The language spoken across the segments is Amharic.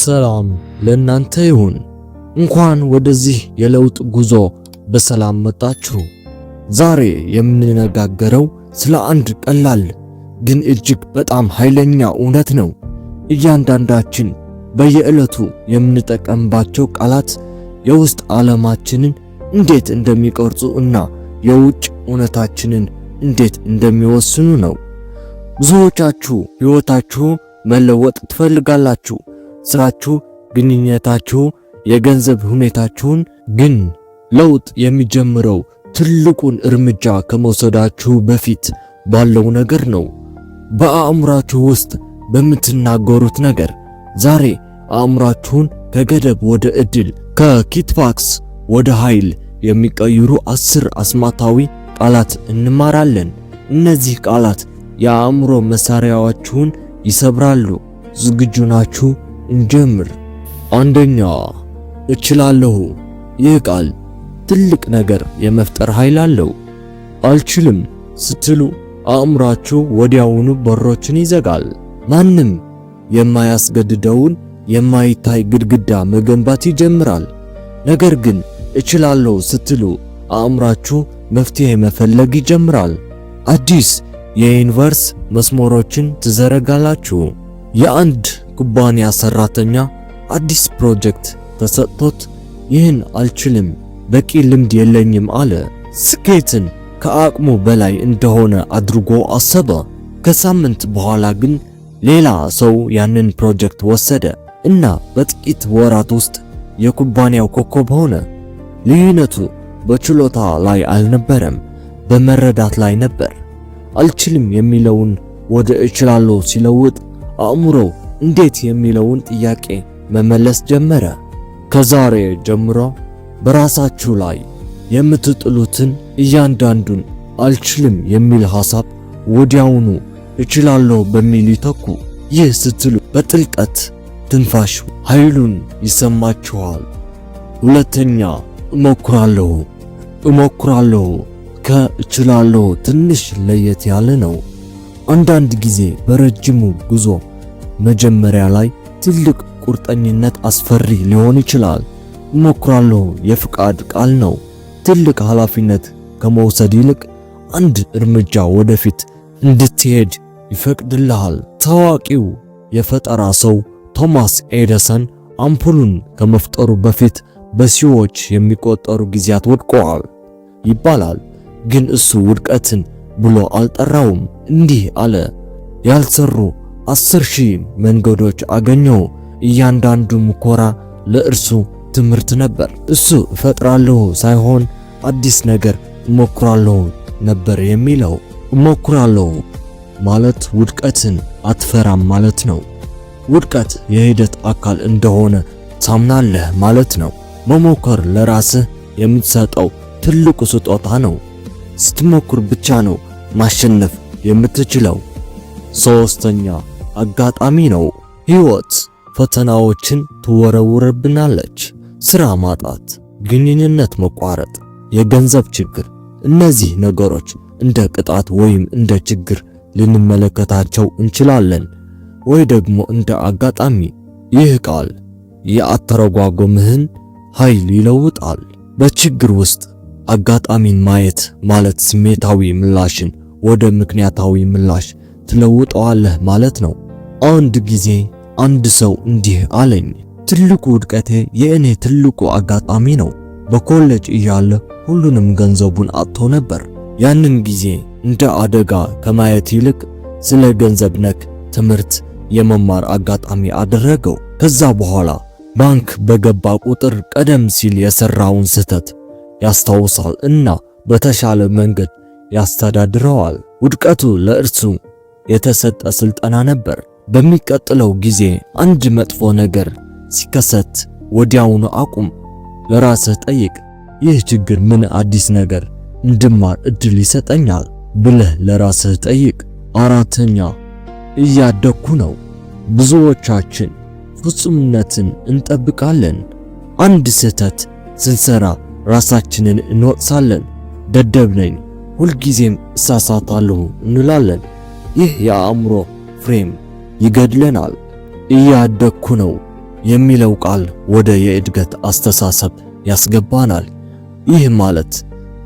ሰላም ለእናንተ ይሁን። እንኳን ወደዚህ የለውጥ ጉዞ በሰላም መጣችሁ። ዛሬ የምንነጋገረው ስለ አንድ ቀላል ግን እጅግ በጣም ኃይለኛ እውነት ነው። እያንዳንዳችን በየዕለቱ የምንጠቀምባቸው ቃላት የውስጥ ዓለማችንን እንዴት እንደሚቀርጹ እና የውጭ እውነታችንን እንዴት እንደሚወስኑ ነው። ብዙዎቻችሁ ሕይወታችሁ መለወጥ ትፈልጋላችሁ ስራችሁ፣ ግንኙነታችሁ፣ የገንዘብ ሁኔታችሁን ግን ለውጥ የሚጀምረው ትልቁን እርምጃ ከመውሰዳችሁ በፊት ባለው ነገር ነው። በአእምራችሁ ውስጥ በምትናገሩት ነገር ዛሬ አእምራችሁን ከገደብ ወደ እድል ከኪትፋክስ ወደ ኃይል የሚቀይሩ አስር አስማታዊ ቃላት እንማራለን። እነዚህ ቃላት የአእምሮ መሳሪያዎችሁን ይሰብራሉ። ዝግጁ ናችሁ? እንጀምር። አንደኛ እችላለሁ። ይህ ቃል ትልቅ ነገር የመፍጠር ኃይል አለው። አልችልም ስትሉ አእምሯችሁ ወዲያውኑ በሮችን ይዘጋል። ማንም የማያስገድደውን የማይታይ ግድግዳ መገንባት ይጀምራል። ነገር ግን እችላለሁ ስትሉ አእምራችሁ መፍትሄ መፈለግ ይጀምራል። አዲስ የዩኒቨርስ መስመሮችን ትዘረጋላችሁ። የአንድ ኩባንያ ሰራተኛ አዲስ ፕሮጀክት ተሰጥቶት ይህን አልችልም፣ በቂ ልምድ የለኝም አለ። ስኬትን ከአቅሙ በላይ እንደሆነ አድርጎ አሰበ። ከሳምንት በኋላ ግን ሌላ ሰው ያንን ፕሮጀክት ወሰደ እና በጥቂት ወራት ውስጥ የኩባንያው ኮከብ ሆነ። ልዩነቱ በችሎታ ላይ አልነበረም፣ በመረዳት ላይ ነበር። አልችልም የሚለውን ወደ እችላለሁ ሲለውጥ አእምሮ እንዴት የሚለውን ጥያቄ መመለስ ጀመረ። ከዛሬ ጀምሮ በራሳችሁ ላይ የምትጥሉትን እያንዳንዱን አልችልም የሚል ሐሳብ ወዲያውኑ እችላለሁ በሚል ይተኩ። ይህ ስትሉ በጥልቀት ትንፋሽ ኃይሉን ይሰማችኋል። ሁለተኛ እሞክራለሁ እሞክራለሁ ከእችላለሁ ትንሽ ለየት ያለ ነው። አንዳንድ ጊዜ በረጅሙ ጉዞ መጀመሪያ ላይ ትልቅ ቁርጠኝነት አስፈሪ ሊሆን ይችላል። እሞክራለሁ የፍቃድ ቃል ነው። ትልቅ ኃላፊነት ከመውሰድ ይልቅ አንድ እርምጃ ወደፊት እንድትሄድ ይፈቅድልሃል። ታዋቂው የፈጠራ ሰው ቶማስ ኤደሰን አምፑሉን ከመፍጠሩ በፊት በሺዎች የሚቆጠሩ ጊዜያት ወድቀዋል ይባላል። ግን እሱ ውድቀትን ብሎ አልጠራውም። እንዲህ አለ፣ ያልሰሩ አስር ሺህ መንገዶች አገኘው። እያንዳንዱ ምኮራ ለእርሱ ትምህርት ነበር። እሱ እፈጥራለሁ ሳይሆን አዲስ ነገር እሞክራለሁ ነበር የሚለው። እሞክራለሁ ማለት ውድቀትን አትፈራም ማለት ነው። ውድቀት የሂደት አካል እንደሆነ ታምናለህ ማለት ነው። መሞከር ለራስህ የምትሰጠው ትልቁ ስጦታ ነው። ስትሞክር ብቻ ነው ማሸነፍ የምትችለው። ሶስተኛ አጋጣሚ ነው። ህይወት ፈተናዎችን ትወረውርብናለች። ሥራ ማጣት፣ ግንኙነት መቋረጥ፣ የገንዘብ ችግር፣ እነዚህ ነገሮች እንደ ቅጣት ወይም እንደ ችግር ልንመለከታቸው እንችላለን ወይ ደግሞ እንደ አጋጣሚ። ይህ ቃል የአተረጓጎምህን ኃይል ይለውጣል። በችግር ውስጥ አጋጣሚን ማየት ማለት ስሜታዊ ምላሽን ወደ ምክንያታዊ ምላሽ ትለውጠዋለህ ማለት ነው። አንድ ጊዜ አንድ ሰው እንዲህ አለኝ፣ ትልቁ ውድቀቴ የእኔ ትልቁ አጋጣሚ ነው። በኮሌጅ እያለ ሁሉንም ገንዘቡን አጥቶ ነበር። ያንን ጊዜ እንደ አደጋ ከማየት ይልቅ ስለ ገንዘብ ነክ ትምህርት የመማር አጋጣሚ አደረገው። ከዛ በኋላ ባንክ በገባ ቁጥር ቀደም ሲል የሰራውን ስህተት ያስታውሳል እና በተሻለ መንገድ ያስተዳድረዋል። ውድቀቱ ለእርሱ የተሰጠ ስልጠና ነበር። በሚቀጥለው ጊዜ አንድ መጥፎ ነገር ሲከሰት ወዲያውኑ አቁም። ለራስህ ጠይቅ፣ ይህ ችግር ምን አዲስ ነገር እንድማር እድል ይሰጠኛል ብለህ ለራስህ ጠይቅ። አራተኛ እያደግኩ ነው። ብዙዎቻችን ፍጹምነትን እንጠብቃለን። አንድ ስህተት ስንሰራ ራሳችንን እንወቅሳለን። ደደብ ነኝ፣ ሁልጊዜም እሳሳታለሁ እንላለን። ይህ የአእምሮ ፍሬም ይገድለናል። እያደግኩ ነው የሚለው ቃል ወደ የእድገት አስተሳሰብ ያስገባናል። ይህ ማለት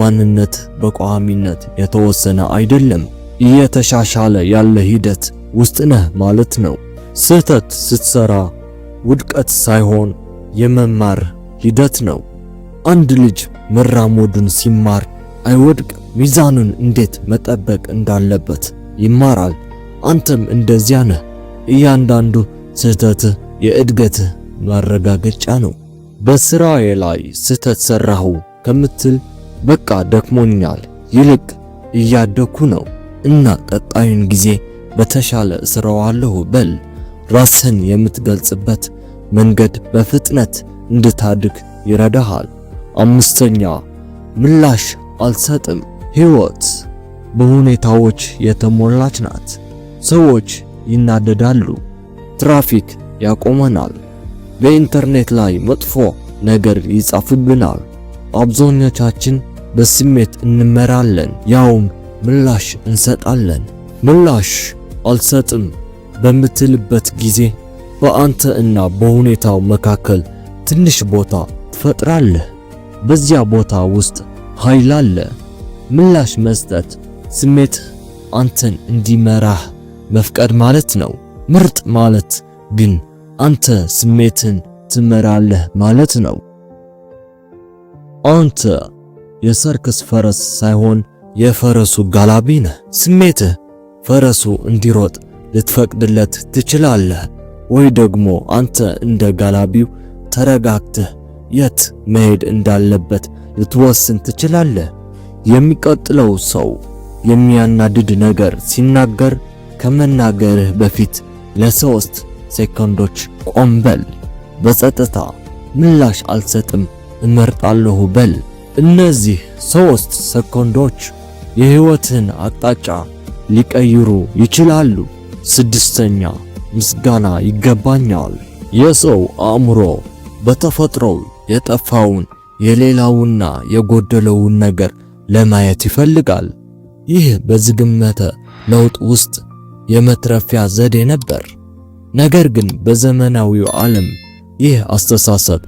ማንነት በቋሚነት የተወሰነ አይደለም፣ እየተሻሻለ ያለ ሂደት ውስጥ ነህ ማለት ነው። ስህተት ስትሰራ ውድቀት ሳይሆን የመማር ሂደት ነው። አንድ ልጅ መራመዱን ሲማር አይወድቅ፣ ሚዛኑን እንዴት መጠበቅ እንዳለበት ይማራል። አንተም እንደዚያ ነህ። እያንዳንዱ ስህተት የእድገት ማረጋገጫ ነው። በስራዬ ላይ ስህተት ሰራሁ ከምትል በቃ ደክሞኛል፣ ይልቅ እያደኩ ነው እና ቀጣዩን ጊዜ በተሻለ እሰራዋለሁ በል። ራስህን የምትገልጽበት መንገድ በፍጥነት እንድታድግ ይረዳሃል። አምስተኛ ምላሽ አልሰጥም። ህይወት በሁኔታዎች የተሞላች ናት። ሰዎች ይናደዳሉ። ትራፊክ ያቆመናል። በኢንተርኔት ላይ መጥፎ ነገር ይጻፍብናል። አብዛኞቻችን በስሜት እንመራለን፣ ያውም ምላሽ እንሰጣለን። ምላሽ አልሰጥም በምትልበት ጊዜ በአንተ እና በሁኔታው መካከል ትንሽ ቦታ ትፈጥራለህ። በዚያ ቦታ ውስጥ ኃይል አለ። ምላሽ መስጠት ስሜት አንተን እንዲመራህ መፍቀድ ማለት ነው። ምርጥ ማለት ግን አንተ ስሜትን ትመራለህ ማለት ነው። አንተ የሰርከስ ፈረስ ሳይሆን የፈረሱ ጋላቢ ነህ። ስሜትህ ፈረሱ እንዲሮጥ ልትፈቅድለት ትችላለህ፣ ወይ ደግሞ አንተ እንደ ጋላቢው ተረጋግተህ የት መሄድ እንዳለበት ልትወስን ትችላለህ። የሚቀጥለው ሰው የሚያናድድ ነገር ሲናገር ከመናገርህ በፊት ለሶስት ሴኮንዶች ቆም በል። በጸጥታ ምላሽ አልሰጥም እመርጣለሁ በል። እነዚህ ሶስት ሴኮንዶች የህይወትን አቅጣጫ ሊቀይሩ ይችላሉ። ስድስተኛ ምስጋና ይገባኛል። የሰው አእምሮ በተፈጥሮው የጠፋውን የሌላውና የጎደለውን ነገር ለማየት ይፈልጋል። ይህ በዝግመተ ለውጥ ውስጥ የመትረፊያ ዘዴ ነበር። ነገር ግን በዘመናዊው ዓለም ይህ አስተሳሰብ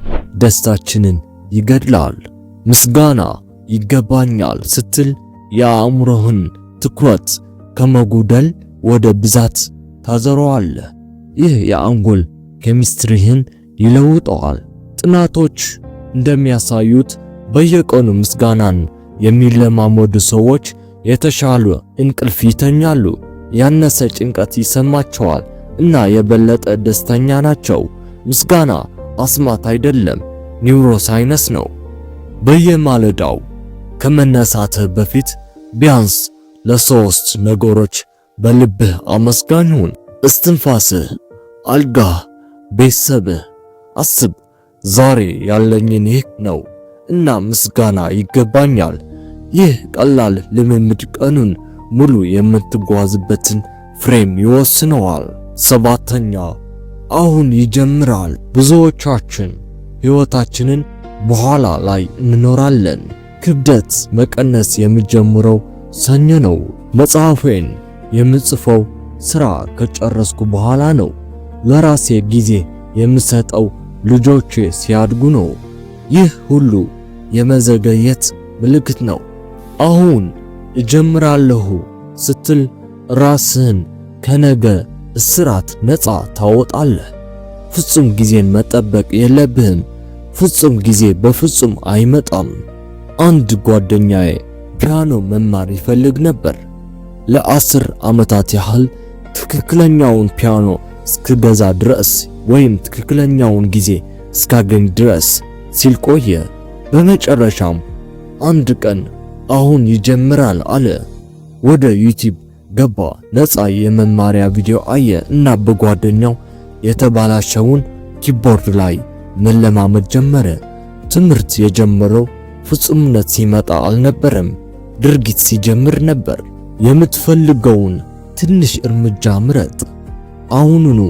ደስታችንን ይገድላል። ምስጋና ይገባኛል ስትል የአእምሮህን ትኩረት ከመጉደል ወደ ብዛት ታዘረዋለህ። ይህ የአንጎል ኬሚስትሪህን ይለውጠዋል። ጥናቶች እንደሚያሳዩት በየቀኑ ምስጋናን የሚለማመዱ ሰዎች የተሻለ እንቅልፍ ይተኛሉ። ያነሰ ጭንቀት ይሰማቸዋል እና የበለጠ ደስተኛ ናቸው። ምስጋና አስማት አይደለም፣ ኒውሮሳይነስ ነው። በየማለዳው ከመነሳትህ በፊት ቢያንስ ለሶስት ነገሮች በልብህ አመስጋኝ ሁን። እስትንፋስህ፣ አልጋህ፣ ቤተሰብህ። አስብ ዛሬ ያለኝን ይህ ነው እና ምስጋና ይገባኛል። ይህ ቀላል ልምምድ ቀኑን ሙሉ የምትጓዝበትን ፍሬም ይወስነዋል። ሰባተኛ አሁን ይጀምራል። ብዙዎቻችን ሕይወታችንን በኋላ ላይ እንኖራለን። ክብደት መቀነስ የሚጀምረው ሰኞ ነው። መጽሐፌን የምጽፈው ሥራ ከጨረስኩ በኋላ ነው። ለራሴ ጊዜ የምሰጠው ልጆቼ ሲያድጉ ነው። ይህ ሁሉ የመዘገየት ምልክት ነው። አሁን እጀምራለሁ ስትል ራስህን ከነገ እስራት ነፃ ታወጣለህ። ፍጹም ጊዜን መጠበቅ የለብህም። ፍጹም ጊዜ በፍጹም አይመጣም። አንድ ጓደኛዬ ፒያኖ መማር ይፈልግ ነበር። ለአስር ዓመታት ያህል ትክክለኛውን ፒያኖ እስክገዛ ድረስ ወይም ትክክለኛውን ጊዜ እስካገኝ ድረስ ሲል ቆየ። በመጨረሻም አንድ ቀን አሁን ይጀምራል አለ። ወደ ዩቲዩብ ገባ። ነፃ የመማሪያ ቪዲዮ አየ እና በጓደኛው የተባላሸውን ኪቦርድ ላይ መለማመድ ጀመረ። ትምህርት የጀመረው ፍጹምነት ሲመጣ አልነበረም፣ ድርጊት ሲጀምር ነበር። የምትፈልገውን ትንሽ እርምጃ ምረጥ። አሁኑኑ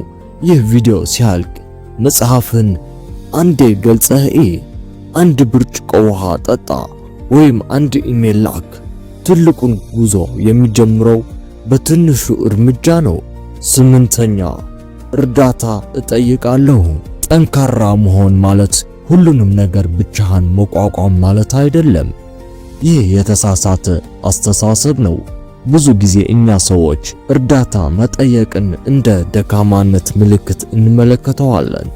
ይህ ቪዲዮ ሲያልቅ መጽሐፍን አንዴ ገልጸህ አንድ ብርጭቆ ውሃ ጠጣ። ወይም አንድ ኢሜል ላክ። ትልቁን ጉዞ የሚጀምረው በትንሹ እርምጃ ነው። ስምንተኛ እርዳታ እጠይቃለሁ። ጠንካራ መሆን ማለት ሁሉንም ነገር ብቻህን መቋቋም ማለት አይደለም። ይህ የተሳሳተ አስተሳሰብ ነው። ብዙ ጊዜ እኛ ሰዎች እርዳታ መጠየቅን እንደ ደካማነት ምልክት እንመለከተዋለን።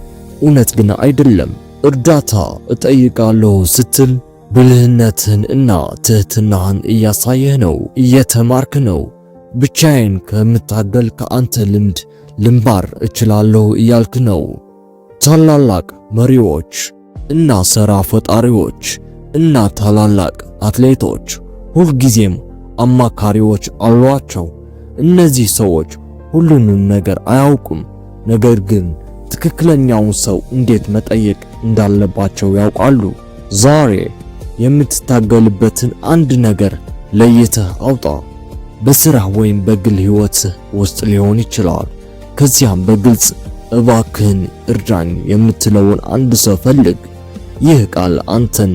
እውነት ግን አይደለም። እርዳታ እጠይቃለሁ ስትል ብልህነትን እና ትህትናህን እያሳየህ ነው። እየተማርክ ነው። ብቻዬን ከምታገል ከአንተ ልምድ ልምባር እችላለሁ እያልክ ነው። ታላላቅ መሪዎች እና ሥራ ፈጣሪዎች እና ታላላቅ አትሌቶች ሁልጊዜም አማካሪዎች አሏቸው። እነዚህ ሰዎች ሁሉንም ነገር አያውቁም፣ ነገር ግን ትክክለኛውን ሰው እንዴት መጠየቅ እንዳለባቸው ያውቃሉ። ዛሬ የምትታገልበትን አንድ ነገር ለይተህ አውጣ። በስራ ወይም በግል ህይወት ውስጥ ሊሆን ይችላል። ከዚያም በግልጽ እባክህን እርዳኝ የምትለውን አንድ ሰው ፈልግ። ይህ ቃል አንተን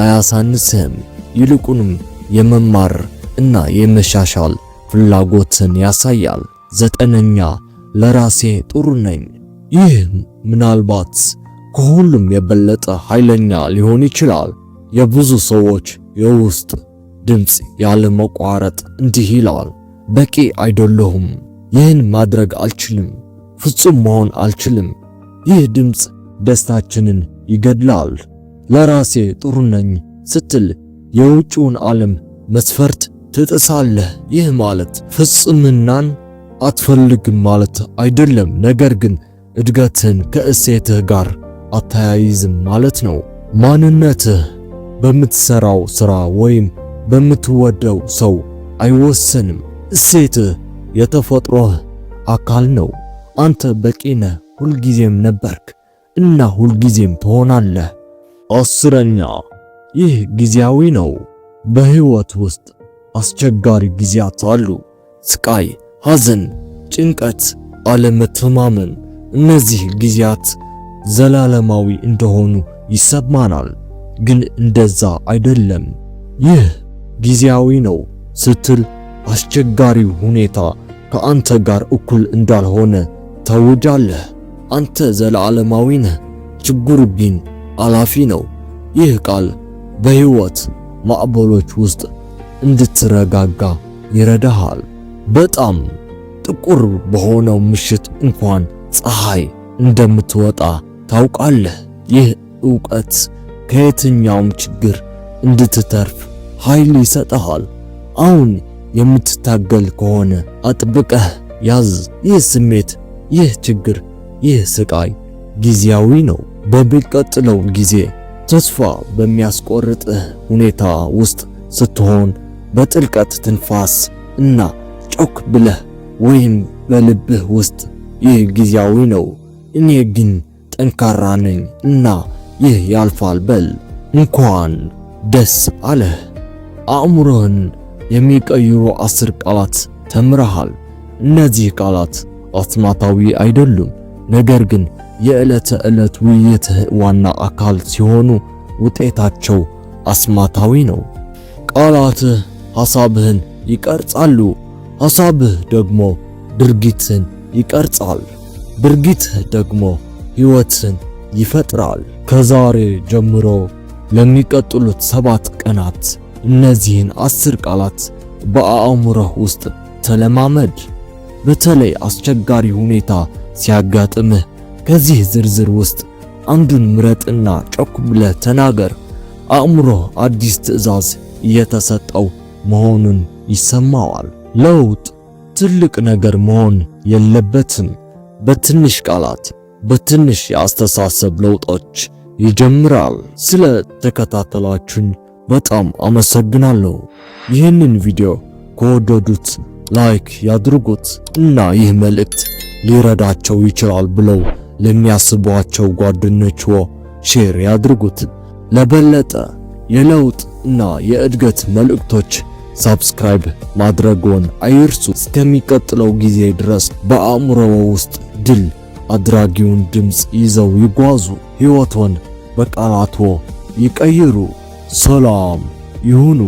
አያሳንስህም፣ ይልቁንም የመማር እና የመሻሻል ፍላጎትን ያሳያል። ዘጠነኛ ለራሴ ጥሩ ነኝ። ይህ ምናልባት ከሁሉም የበለጠ ኃይለኛ ሊሆን ይችላል። የብዙ ሰዎች የውስጥ ድምፅ ያለ መቋረጥ እንዲህ ይላል በቂ አይደለሁም፣ ይህን ማድረግ አልችልም፣ ፍጹም መሆን አልችልም። ይህ ድምፅ ደስታችንን ይገድላል። ለራሴ ጥሩ ነኝ ስትል የውጭውን ዓለም መስፈርት ትጥሳለህ። ይህ ማለት ፍጽምናን አትፈልግም ማለት አይደለም፣ ነገር ግን እድገትን ከእሴትህ ጋር አታያይዝም ማለት ነው። ማንነትህ በምትሰራው ስራ ወይም በምትወደው ሰው አይወሰንም። እሴትህ የተፈጥሮህ አካል ነው። አንተ በቂ ነህ። ሁልጊዜም ነበርክ እና ሁልጊዜም ትሆናለህ። አስረኛ ይህ ጊዜያዊ ነው። በህይወት ውስጥ አስቸጋሪ ጊዜያት አሉ። ስቃይ፣ ሐዘን፣ ጭንቀት፣ አለመተማመን። እነዚህ ጊዜያት ዘላለማዊ እንደሆኑ ይሰማናል። ግን እንደዛ አይደለም። ይህ ጊዜያዊ ነው ስትል አስቸጋሪው ሁኔታ ከአንተ ጋር እኩል እንዳልሆነ ታውጃለህ። አንተ ዘላለማዊ ነህ፣ ችግሩ ግን አላፊ ነው። ይህ ቃል በሕይወት ማዕበሎች ውስጥ እንድትረጋጋ ይረዳሃል። በጣም ጥቁር በሆነው ምሽት እንኳን ፀሐይ እንደምትወጣ ታውቃለህ። ይህ ዕውቀት ከየትኛውም ችግር እንድትተርፍ ኃይል ይሰጠሃል። አሁን የምትታገል ከሆነ አጥብቀህ ያዝ። ይህ ስሜት፣ ይህ ችግር፣ ይህ ስቃይ ጊዜያዊ ነው። በሚቀጥለው ጊዜ ተስፋ በሚያስቆርጥህ ሁኔታ ውስጥ ስትሆን በጥልቀት ትንፋስ እና ጮክ ብለህ ወይም በልብህ ውስጥ ይህ ጊዜያዊ ነው፣ እኔ ግን ጠንካራ ነኝ እና ይህ ያልፋል በል እንኳን ደስ አለህ። አእምሮህን የሚቀይሩ አስር ቃላት ተምረሃል። እነዚህ ቃላት አስማታዊ አይደሉም፣ ነገር ግን የዕለት ተዕለት ውይይትህ ዋና አካል ሲሆኑ ውጤታቸው አስማታዊ ነው። ቃላትህ ሐሳብህን ይቀርጻሉ፣ ሐሳብህ ደግሞ ድርጊትን ይቀርጻል፣ ድርጊትህ ደግሞ ሕይወትን ይፈጥራል። ከዛሬ ጀምሮ ለሚቀጥሉት ሰባት ቀናት እነዚህን አስር ቃላት በአእምሮህ ውስጥ ተለማመድ። በተለይ አስቸጋሪ ሁኔታ ሲያጋጥምህ ከዚህ ዝርዝር ውስጥ አንዱን ምረጥና ጮክ ብለህ ተናገር። አእምሮህ አዲስ ትዕዛዝ እየተሰጠው መሆኑን ይሰማዋል። ለውጥ ትልቅ ነገር መሆን የለበትም። በትንሽ ቃላት በትንሽ የአስተሳሰብ ለውጦች ይጀምራል። ስለ ተከታተላችሁኝ በጣም አመሰግናለሁ። ይህንን ቪዲዮ ከወደዱት ላይክ ያድርጉት እና ይህ መልእክት ሊረዳቸው ይችላል ብለው ለሚያስቧቸው ጓደኞችዎ ሼር ያድርጉት። ለበለጠ የለውጥ እና የእድገት መልእክቶች ሳብስክራይብ ማድረግዎን አይርሱ። እስከሚቀጥለው ጊዜ ድረስ በአእምሮዎ ውስጥ ድል አድራጊውን ድምፅ ይዘው ይጓዙ። ሕይወቶን በቃላቶ ይቀይሩ። ሰላም ይሁኑ።